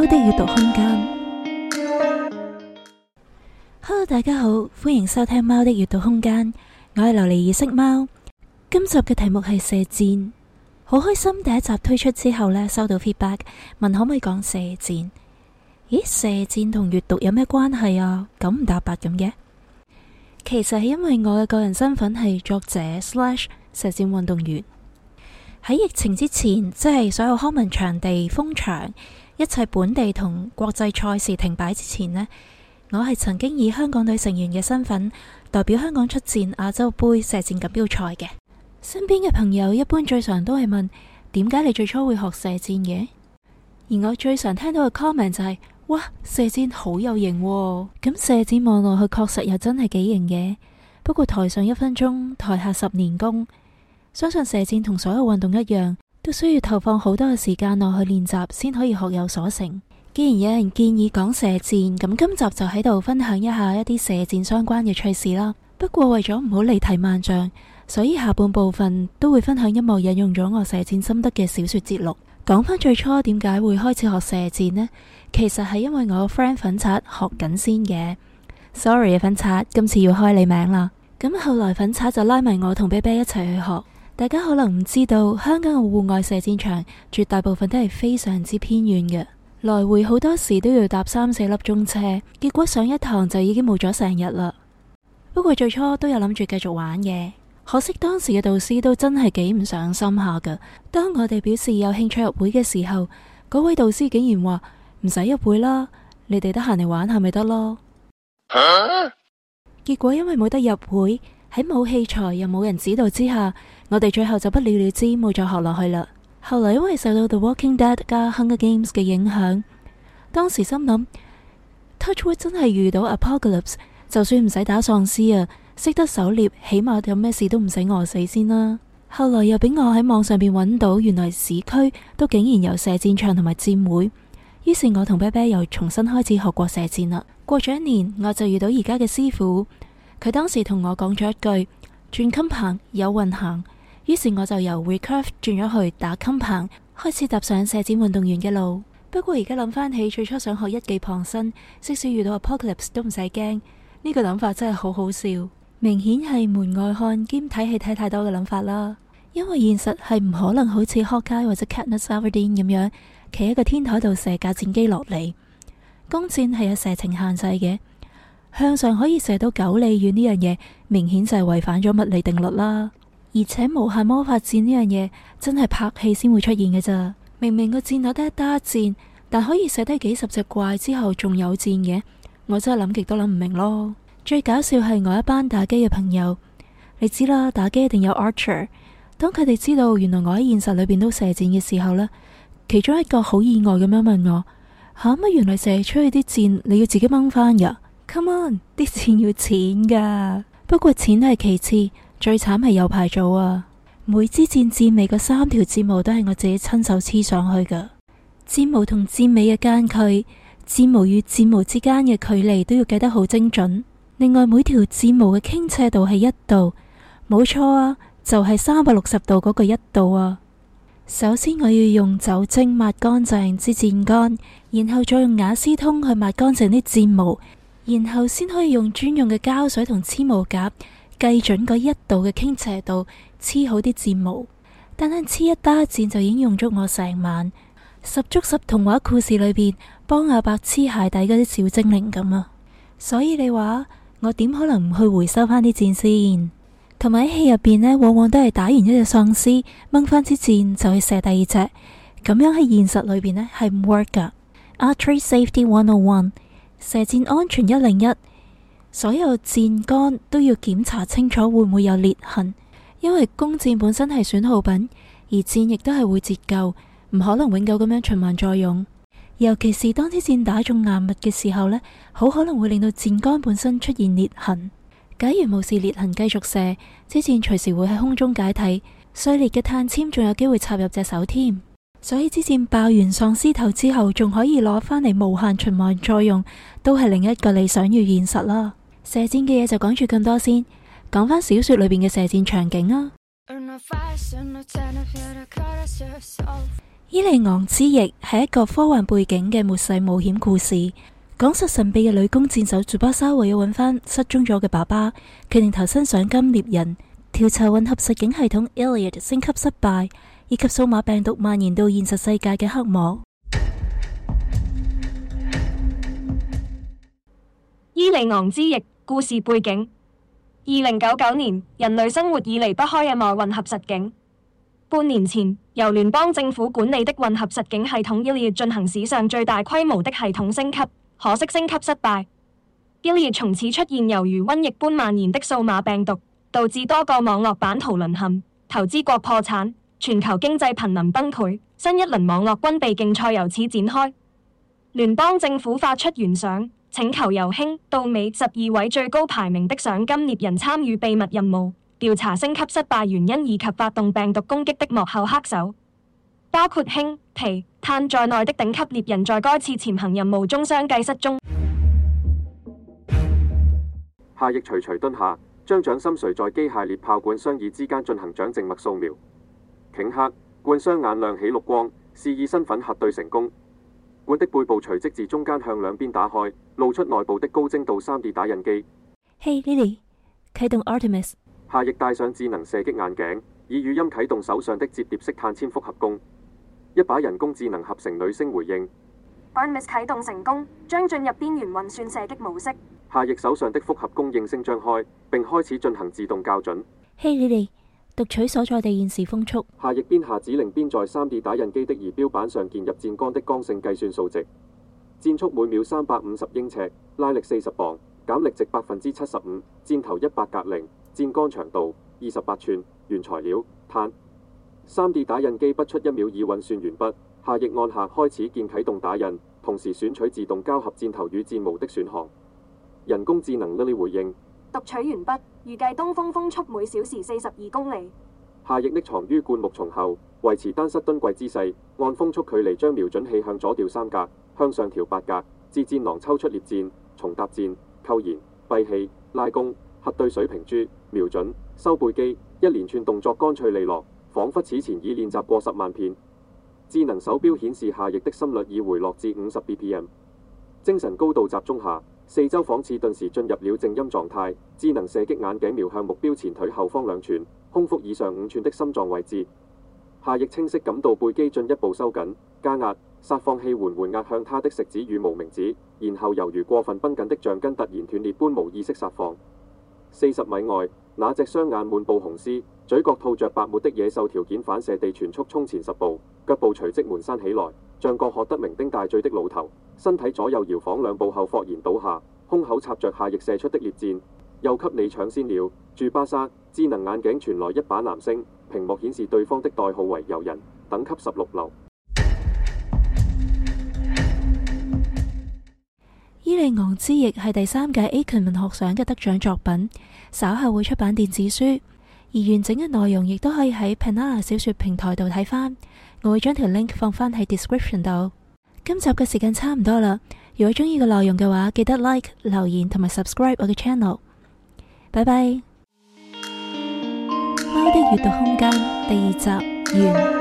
貓的閱讀空間。Hello，大家好，歡迎收聽《貓的閱讀空間》。我係琉璃異色貓。今集嘅題目係射箭，好開心第一集推出之後呢收到 feedback，問可唔可以講射箭？咦，射箭同閱讀有咩關係啊？咁唔搭八咁嘅。其實係因為我嘅個人身份係作者/射箭運動員。喺疫情之前，即係所有康文場地封場。一切本地同國際賽事停擺之前呢，我係曾經以香港隊成員嘅身份代表香港出戰亞洲盃射箭錦標賽嘅。身邊嘅朋友一般最常都係問：點解你最初會學射箭嘅？而我最常聽到嘅 comment 就係：哇，射箭好有型喎！咁射箭望落去確實又真係幾型嘅。不過台上一分鐘，台下十年功，相信射箭同所有運動一樣。都需要投放好多嘅時間落去練習，先可以學有所成。既然有人建議講射箭，咁今集就喺度分享一下一啲射箭相關嘅趣事啦。不過為咗唔好離題萬丈，所以下半部分都會分享一幕引用咗我射箭心得嘅小說節錄。講翻最初點解會開始學射箭呢？其實係因為我 friend 粉刷學緊先嘅，sorry 啊粉刷，今次要開你名啦。咁後來粉刷就拉埋我同啤啤一齊去學。大家可能唔知道，香港嘅戶外射箭場絕大部分都係非常之偏遠嘅，來回好多時都要搭三四粒鐘車，結果上一堂就已經冇咗成日啦。不過最初都有諗住繼續玩嘅，可惜當時嘅導師都真係幾唔上心下㗎。當我哋表示有興趣入會嘅時候，嗰位導師竟然話唔使入會啦，你哋得閒嚟玩下咪得咯。是是啊、結果因為冇得入會。喺冇器材又冇人指導之下，我哋最後就不了了之，冇再學落去啦。後來因為受到《The Walking Dead》加《Hunger Games》嘅影響，當時心諗 Touchwood 真係遇到 Apocalypse，就算唔使打喪屍啊，識得狩獵起碼有咩事都唔使餓死先啦。後來又俾我喺網上邊揾到，原來市區都竟然有射箭場同埋箭會，於是我同 BB 又重新開始學過射箭啦。過咗一年，我就遇到而家嘅師傅。佢當時同我講咗一句轉 compound 有運行，於是我就由 recurve 轉咗去打 compound，開始踏上射箭運動員嘅路。不過而家諗返起最初想學一技傍身，即使遇到 apocalypse 都唔使驚，呢、這個諗法真係好好笑，明顯係門外漢兼睇戲睇太多嘅諗法啦。因為現實係唔可能好似 Hawkeye 或者 Katniss Everdeen 咁樣，企喺個天台度射架戰機落嚟，弓箭係有射程限制嘅。向上可以射到九里遠呢樣嘢，明顯就係違反咗物理定律啦。而且無限魔法箭呢樣嘢，真係拍戲先會出現嘅。咋，明明個箭我得一打一箭，但可以射低幾十隻怪之後仲有箭嘅，我真係諗極都諗唔明咯。最搞笑係我一班打機嘅朋友，你知啦，打機一定有 archer。當佢哋知道原來我喺現實裏邊都射箭嘅時候呢，其中一個好意外咁樣問我，吓、啊、乜？原來射出去啲箭你要自己掹翻噶？Come on，啲箭要錢噶。不過錢係其次，最慘係有排做啊。每支箭箭尾嗰三條箭毛都係我自己親手黐上去噶。箭毛同箭尾嘅間距，箭毛與箭毛之間嘅距離都要計得好精準。另外，每條箭毛嘅傾斜度係一度，冇錯啊，就係三百六十度嗰個一度啊。首先，我要用酒精抹乾淨支箭杆，然後再用雅思通去抹乾淨啲箭毛。然後先可以用專用嘅膠水同黐毛夾計準嗰一度嘅傾斜度黐好啲箭毛，但係黐一打箭就已經用足我成晚，十足十童話故事裏邊幫阿伯黐鞋底嗰啲小精靈咁啊！所以你話我點可能唔去回收翻啲箭先？同埋喺戲入邊呢，往往都係打完一隻喪屍掹翻支箭就去射第二隻，咁樣喺現實裏邊呢，係唔 work 噶。Archery Safety One On One。射箭安全一零一，所有箭桿都要檢查清楚會唔會有裂痕，因為弓箭本身係損耗品，而箭亦都係會折舊，唔可能永久咁樣循環再用。尤其是當支箭打中硬物嘅時候咧，好可能會令到箭桿本身出現裂痕。假如無視裂痕繼續射，支箭隨時會喺空中解體，碎裂嘅碳纖仲有機會插入隻手添。所以之戰爆完喪屍頭之後，仲可以攞返嚟無限循環再用，都係另一個理想與現實啦。射箭嘅嘢就講住咁多先，講翻小說裏邊嘅射箭場景啦。《伊利昂之翼》係一個科幻背景嘅末世冒險故事，講述神秘嘅女弓箭手 Tsubasa 為咗搵返失蹤咗嘅爸爸，決定投身賞金獵人，調查混合實境系統 Iliad 升級失敗。以及數碼病毒蔓延到現實世界嘅黑幕。伊利昂之翼故事背景：二零九九年，人類生活已離不開 MR 混合實境。半年前，由聯邦政府管理的混合實境系統 Iliad 進行史上最大規模的系統升級，可惜升級失敗。Iliad 從此出現猶如瘟疫般蔓延的數碼病毒，導致多個網絡版圖淪陷，投資國破產。全球經濟瀕臨崩潰，新一輪網絡軍備競賽由此展開。聯邦政府發出懸賞，請求由氫到鎂十二位最高排名的賞金獵人參與秘密任務，調查升級失敗原因以及發動病毒攻擊的幕後黑手。包括氫、鈹、碳在內的頂級獵人在該次潛行任務中相繼失蹤。夏翼徐徐蹲下，將掌心垂在機械獵炮管雙耳之間，進行掌靜脈掃描。頃刻，罐雙眼亮起綠光，示意身份核對成功。罐的背部隨即自中間向兩邊打開，露出內部的高精度 3D 打印機。Hey Lily，啟動 Artemis。夏翼戴上智能射擊眼鏡，以語音啟動手上的折疊式碳纖複合弓。一把人工智能合成女聲回應。Artemis，啟動成功，將進入邊緣運算射擊模式。夏翼手上的複合弓應聲張開，並開始進行自動校準。Hey Lily。讀取所在地現時風速。夏翼邊下指令邊在三 D 打印機的儀表板上鍵入箭桿的剛性計算數值，箭速每秒三百五十英尺，拉力四十磅，減力值百分之七十五，箭頭一百格零，箭桿長度二十八寸，原材料碳。三 D 打印機不出一秒已運算完畢，夏翼按下開始鍵啟動打印，同時選取自動膠合箭頭與箭模的選項。人工智能 Lily 回應。讀取完畢，預計東風風速每小時四十二公里。夏翼匿藏於灌木叢後，維持單膝蹲跪姿勢，按風速距離將瞄準器向左調三格，向上調八格。至戰狼抽出獵箭，重搭箭，扣弦，閉氣，拉弓，核對水平珠，瞄準，收背肌，一連串動作乾脆利落，仿佛此前已練習過十萬遍。智能手錶顯示夏翼的心率已回落至五十 bpm，精神高度集中下。四周仿似頓時進入了靜音狀態，智能射擊眼鏡瞄向目標前腿後方兩寸、空腹以上五寸的心臟位置，夏翼清晰感到背肌進一步收緊加壓，撒放器緩緩壓向他的食指與無名指，然後猶如過分繃緊的橡筋突然斷裂般無意識撒放。四十米外，那隻雙眼滿布紅絲、嘴角套着白沫的野獸條件反射地全速衝前十步，腳步隨即蹣跚起來，像個喝得酩酊大醉的老頭。身體左右搖晃兩步後霍然倒下，胸口插着夏翼射出的裂箭。又給你搶先了，Tsubasa，智能眼鏡傳來一把男聲，屏幕顯示對方的代號為遊人，等級十六樓。伊利昂之翼係第三屆 AIKEN 文學大賞嘅得獎作品，稍後會出版電子書，而完整嘅內容亦都可以喺 Penana 小説平台度睇翻。我會將條 link 放翻喺 description 度。今集嘅時間差唔多啦，如果中意嘅內容嘅話，記得 like 留言同埋 subscribe 我嘅 channel。拜拜。 貓的閱讀空間第二集完。